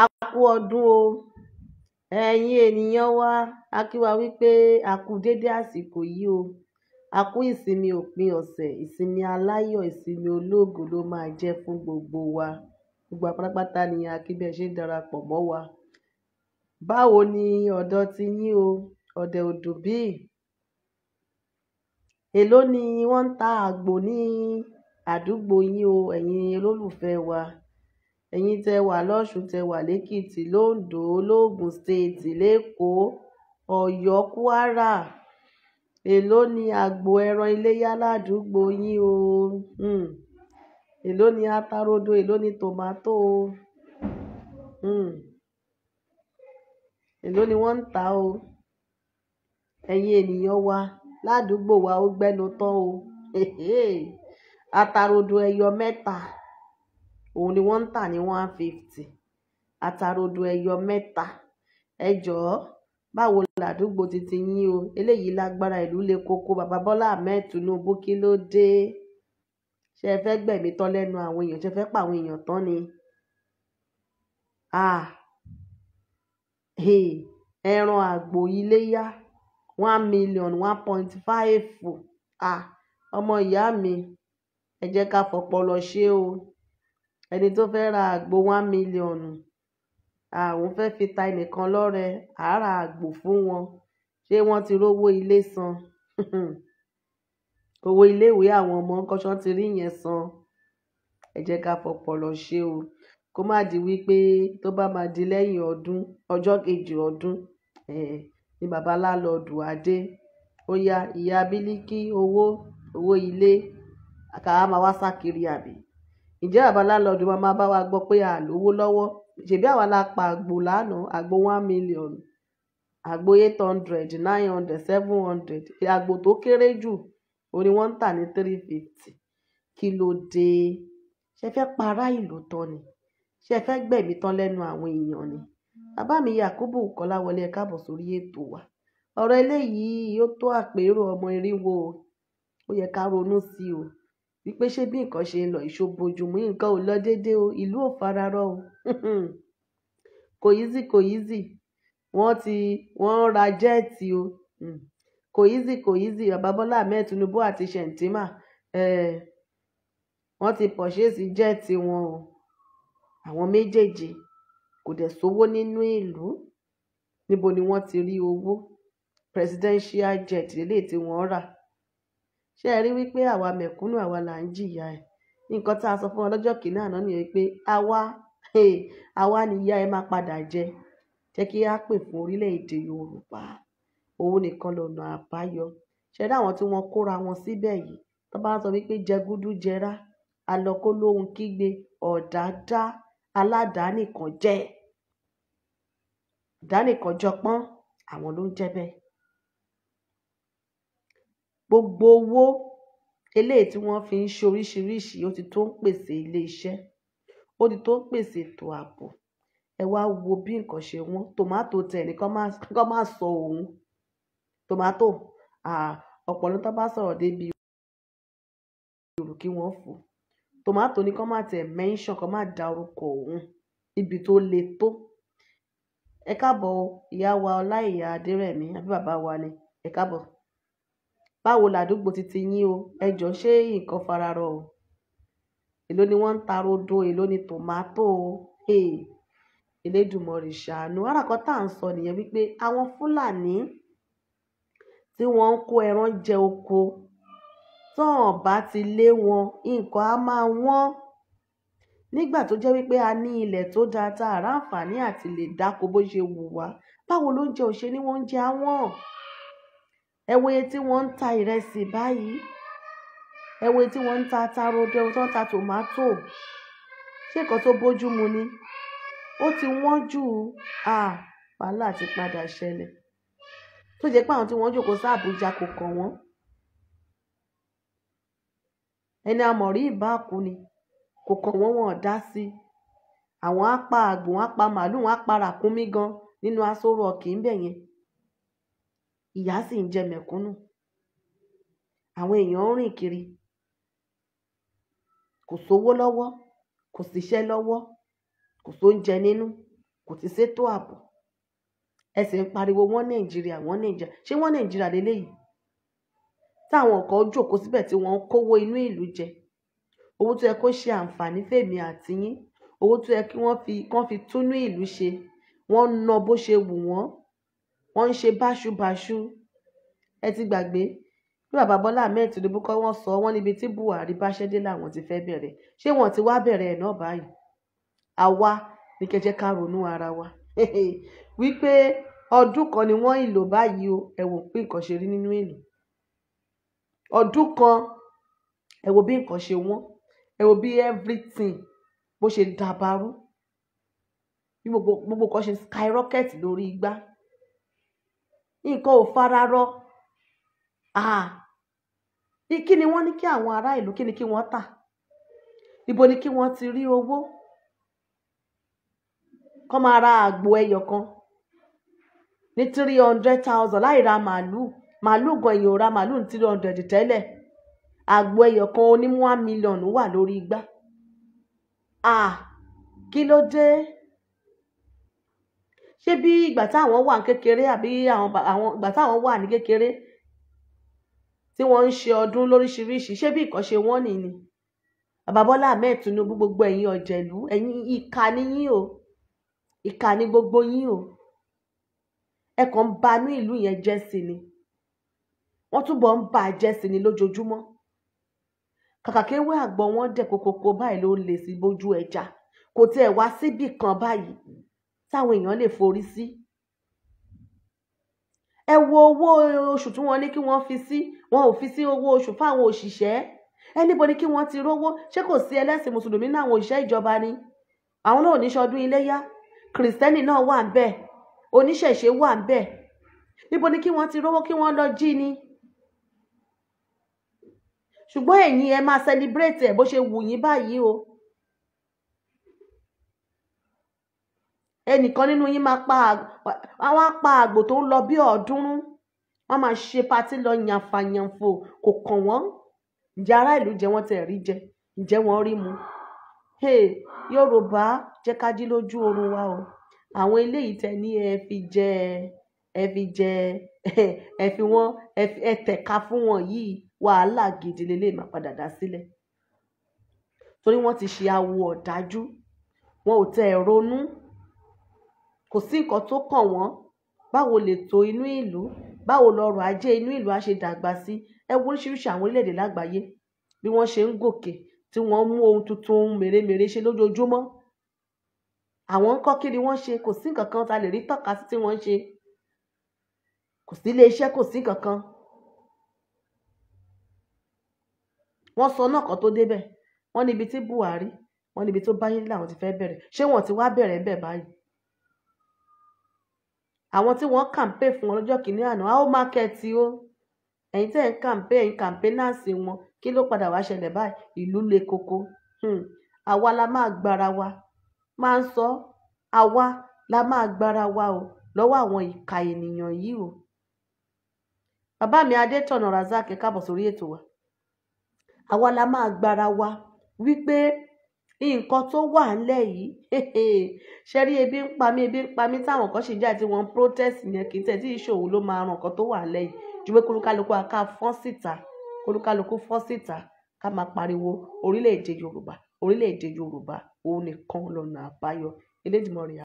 A kú ọdún o. Ẹ̀yin ènìyàn wa, a kí wa wípé a kú dédé àsìkò yìí o. A kú ìsinmi òpin ọ̀sẹ̀, ìsinmi aláyọ̀, ìsinmi ológo ló máa jẹ́ fún gbogbo wa. Gbogbo wa ni a kí bí ẹ ṣe ń darapọ̀ mọ́ wa. Báwo ni ọ̀dọ̀ ti yín o? Ọ̀dẹ̀ ò dùn Èló ni wọ́n ń ta àgbò ní àdúgbò yín o, ẹ̀yin olólùfẹ́ wa? ẹ̀yin tẹ wà lọ́sùn tẹ wà lẹ́kìtì londo logun state lẹ́kọ̀ọ́ ọ̀yọ́ kwara èló ni àgbò ẹran iléyà ládùúgbò yín o um èló ni atarodo èló ni tòmátò o um èló ni wọ́n ń tà o ẹ̀yin ènìyàn wa ládùúgbò wa ó gbẹ́nu tán o atarodo ẹyọ mẹ́ta òun ni wọ́n ń tà ní one fifty àtàròdò ẹyọ mẹ́ta ẹ jọ̀ọ́ báwo làdúgbò titi yín o eléyìí lágbára ìlú le koko bàbá Bọ́lá Ahmed Tinubu kí ló dé ṣe ẹ fẹ́ gbẹ̀mí tán lẹ́nu àwọn èèyàn ṣe fẹ́ pa àwọn èèyàn tán ni ah. ẹran àgbò iléyá one million one point five ah, ọmọ ìyá mi ẹ jẹ́ ká fọpọlọ ṣe o ẹni tó fẹ́ ra àgbò one million àwọn fẹ́ fi ta ẹnìkan lọ́rẹ àárà àgbò fún wọn ṣé wọ́n ti rówó ilé san owó iléèwé àwọn ọmọ kọ́ṣán ti rí yẹn san ẹ jẹ́ ká fọpọlọ ṣe o kó má di wípé tó bá máa di lẹ́yìn ọdún ọjọ́ kejì ọdún ni bàbá lálọ́ọ̀dù adé ó yá ìyá bílíkì owó owó ilé àkàrà máa wá sá kiri àbí ǹjẹ àwa láńlọọdù wa máa bá wa gbọ pé a lówó lọwọ ṣebí àwa la pa àgbò lánàá àgbò one million àgbò eight hundred nine hundred seven hundred àgbò tó kéré jù ó ní ń tà ní three fifty kí ló dé ṣe fẹ́ para ìlú tán ni ṣe fẹ́ gbẹ̀mí tán lẹ́nu àwọn èèyàn ni bàbá mi Yakubu Kọ́láwọlé ẹ káàbọ̀ sórí ètò wa ọ̀rọ̀ eléyìí yóò tó àpérò ọmọ irinwó ó yẹ ká ronú sí o wípé ṣé bí nǹkan ṣe ń lọ ìṣòbojúmọ nǹkan ò lọ déédéé o ìlú ò fararọ o kò easy kò easy wọ́n ti wọ́n ra jẹ́ẹ̀tì o hmm. kò easy kò easy bàbá Ahmed Tinubu àti Shentima wọ́n ti pọ̀ṣẹ́sì jẹ́ẹ̀tì wọn o àwọn méjèèjì kò dẹ̀ sówó nínú ìlú níbo ni wọ́n ti rí owó presidential jet lélẹ́yìí tí wọ́n rà ṣé ẹ rí wípé àwa mẹ̀kúnnù àwa là ń jìyà ẹ̀ nǹkan tá a sọ fún wọn lọ́jọ́ kìíní àná nìyẹn pé àwa àwa ni ìyá ẹ máa padà jẹ jẹ́ kí á pè fún orílẹ̀-èdè Yorùbá òun nìkan lọ́nà àbáyọ ṣe rí àwọn tí wọ́n kóra wọn síbẹ̀ yìí tó bá sọ wípé jẹgúdú jẹrá alọ́kó kígbe ọ̀dádá aládàánìkànjẹ́ ìdánìkànjọpọ́n àwọn ló ń jẹ́ bẹ́ẹ̀ gbogbo owó eléyìí tí wọ́n fi ń ṣe oríṣiríṣi ó ti tó ń pèsè ilé iṣẹ́ ó ti tó ń pèsè ètò ààbò ẹ wá wo bí nǹkan ṣe wọ́n tòmátò tẹ nìkan kọ́ máa sọ òun tòmátò ọ̀pọ̀lọ́ tó bá sọ̀rọ̀ débi òrò kí wọ́n fò tòmátò ní kọ́ máa tẹ̀ mẹ́ńsàn kọ́ máa da orúkọ òun ibi tó le tó ẹ káàbọ̀ ìyá wa ọláìyá adérẹ̀mí àbí bàbá wa ni ẹ káàbọ̀ báwo làdúgbò titi yín o ẹ jọ ṣé nǹkan fararọ o èló ni wọ́n ń ta rodo èló ni tòmátò o elédùnmọ̀rì ṣàánú arákọ̀ tá à ń sọ nìyẹn wípé àwọn fúlàní tí wọ́n ń kó ẹran jẹ oko tán bá ti lé wọn nǹkan á máa wọ́n nígbà tó jẹ́ wípé a ní ilẹ̀ tó dáa tá a ráǹfààní àti lè dáko bó ṣe wù wá báwo lóúnjẹ ò ṣe ní wọ́n ń jẹ àwọn ẹ wo iye tí wọ́n ń ta ìrẹsì báyìí ẹ wo iye tí wọ́n ń ta tarodẹ tó ń ta tòmátò ṣé nǹkan tó bójú mu ni ó ti wọ́n jù à wàhálà ti padà ṣẹlẹ̀ tó jẹ́ pé àwọn tí wọ́n jókòó sí Àbújá kò kàn wọ́n ẹni amọ̀rí ìbáàkú ni kò kàn wọ́n wọn dá sí àwọn á pa àgbò màálù wọn á ràkúnmí gan nínú asóró ọkì ń yẹn ìyà sì ń jẹ mẹ̀kúnnù. Àwọn èèyàn ń rìn kiri. Kò sówó lọ́wọ́, kò síṣẹ́ lọ́wọ́, kò sóúnjẹ nínú, kò sì ṣètò ààbò. Ẹ sì ń pariwo wọ́n Nàìjíríà, wọ́n Nàìjíríà. Ṣé wọ́n Nàìjíríà lélẹ̀ yìí? Táwọn kan jókòó síbẹ̀ tí wọ́n ń kówó inú ìlú jẹ. Owó tó yẹ kó ṣe àǹfààní fèmi àti yín. Owó tó yẹ kí wọ́n fi, kí fi túnú ìlú ṣe. Wọ́n ń ná bó ṣe wù wọ́n wọ́n ń ṣe báṣubàṣu. Ẹ ti gbàgbé bí bàbá Bọ́lá Ahmed Tinubu kọ́ wọ́n sọ wọ́n níbi tí Buhari bá ṣẹ́dé làwọn ti fẹ́ bẹ̀rẹ̀ ṣé wọ́n ti wá bẹ̀rẹ̀ ẹ̀ náà báyìí àwa ní kẹjẹ ká ronú ara wa wípé ọdún kan ni wọ́n ìlò báyìí o ẹ wò bí nǹkan ṣe rí nínú ìlú ọdún kan ẹ wò bí nǹkan ṣe wọ́n ẹ wò bí everything bó ṣe dàbàrú bí gbogbo nǹkan ṣe skyrocket lórí igbá nǹkan ò fara rọ kí ni wọ́n ní kí àwọn ará ìlú kí ni kí wọ́n tà ibo ni kí wọ́n ti rí owó kọ́ máa ra àgbo ẹyọ kan ní three hundred thousand láì ra màálùú màálùú gan èèyàn ò ra màálùú ní three hundred tẹ́lẹ̀ àgbo ẹyọ kan onímú one million wà lórí igbá kí ló dé ṣé bí ìgbà táwọn wà ní kékeré àbí àwọn ìgbà táwọn wà ní kékeré tí wọ́n ń ṣe ọdún lóríṣiríṣi ṣé bí nǹkan ṣe wọ́n nìyí bàbá Bọ́lá Ahmed Tinubu gbogbo ẹ̀yin ọ̀jẹ̀lú ẹ̀yin ìka níyín o ìka ní gbogbo yín o ẹ kàn ń ba ní ìlú yẹn jẹ́ sí ni wọ́n túbọ̀ ń ba jẹ́ sí ni lójoojúmọ́ kàkàkéwé àgbọn wọn dẹ̀ kokoko báyìí ló lè sí bójú ẹja kò tiẹ̀ wá síbì kan báyìí táwọn èèyàn lè forí sí ẹ wo owó oṣù tí wọ́n ní kí wọ́n fi sí wọn ò fi sí owó oṣù fáwọn òṣìṣẹ́ ẹnibọ ni kí wọ́n ti rówó ṣé kò sí ẹlẹ́sìn mùsùlùmí náà àwọn ìjọba ni àwọn náà ò ní ṣọdún iléyá kìrìsìtẹ́nì náà wà ń bẹ̀ oníṣẹ̀ṣe wà ń bẹ̀ níbo ni kí wọ́n ti rówó kí wọ́n lọ jí ni ṣùgbọ́n ẹ̀yin ẹ máa celebrate ẹ̀ bó ṣe wù yín báyìí o. ẹnìkan nínú yín máa pa àwọn apá àgbò tó ń lọ bí ọ̀ọ́dúnrún wọ́n máa ṣe patí lọ yànfàyànfò kò kàn wọ́n ǹjẹ́ ará ìlú jẹ́ wọ́n tẹ̀ rí jẹ ǹjẹ́ wọ́n rí mu yorùbá jẹ́ ká jí lójú oorun wa o àwọn eléyìí tẹ ní ẹ fi jẹ ẹ fi jẹ ẹ fi wọn ẹ tẹ̀ka fún wọn yìí wàhálà gidi lélẹ́yìí máa padà dá sílẹ̀ torí wọ́n ti ṣe awo ọ̀dájú wọn ò tẹ̀ ronú kò sí nǹkan tó kàn wọ́n báwo lètò inú ìlú báwo lọrọ̀ ajé inú ìlú á ṣe dàgbà sí ẹ wo oríṣiríṣi àwọn orílẹ̀-èdè lágbàáyé bí wọ́n ṣe ń gòkè tí wọ́n mú ohun tuntun ohun mèremère ṣe lójoojúmọ́ àwọn ń kọ́ kí ni wọ́n ṣe kò sí nǹkan kan ta lè rí tọ́ka sí tí wọ́n ń ṣe kò sí ilé iṣẹ́ kò sí nǹkan kan wọ́n sọ náà kan tó débẹ̀ wọ́n níbi tí Buhari wọ́n níbi tó báyé láwọn ti fẹ́ bẹ̀rẹ̀ ṣé wọ́n ti wá bẹ̀rẹ̀ bẹ́ẹ̀ báyìí àwọn tí wọ́n kàǹpé fún wọn lọ́jọ́ kìíní àná a ó máa kẹ́ẹ̀tì o ẹ̀yin tẹ́ ẹ̀ ń kàǹpé ẹ̀yin kàǹpénáàsì wọn kí ló padà wá ṣẹlẹ̀ báyìí ìlú le koko hmm. àwa la máa gbára wa máa ń sọ àwa la máa gbára wa o lọ́wọ́ àwọn ìka ènìyàn yìí o bàbá mi adétọ̀nà razak káàbọ̀ sórí ètò wa àwa la máa gbára wa wípé nǹkan tó wà ńlẹ̀ yìí ṣe rí ebi ń pa mí ebi ń pa mí táwọn kan ṣì ń jáde tí wọ́n ń protest yẹn kì í tẹ̀ tí ìṣòwò ló máa ran nǹkan tó wà ńlẹ̀ yìí ju pé kólúkálukú aká fọ́n síta kólúkálukú fọ́n síta ká máa pariwo orílẹ̀-èdè Yorùbá orílẹ̀-èdè Yorùbá òun nìkan lọ́nà àbáyọ elédìmọ̀ rẹ̀